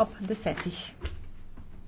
ob desetih.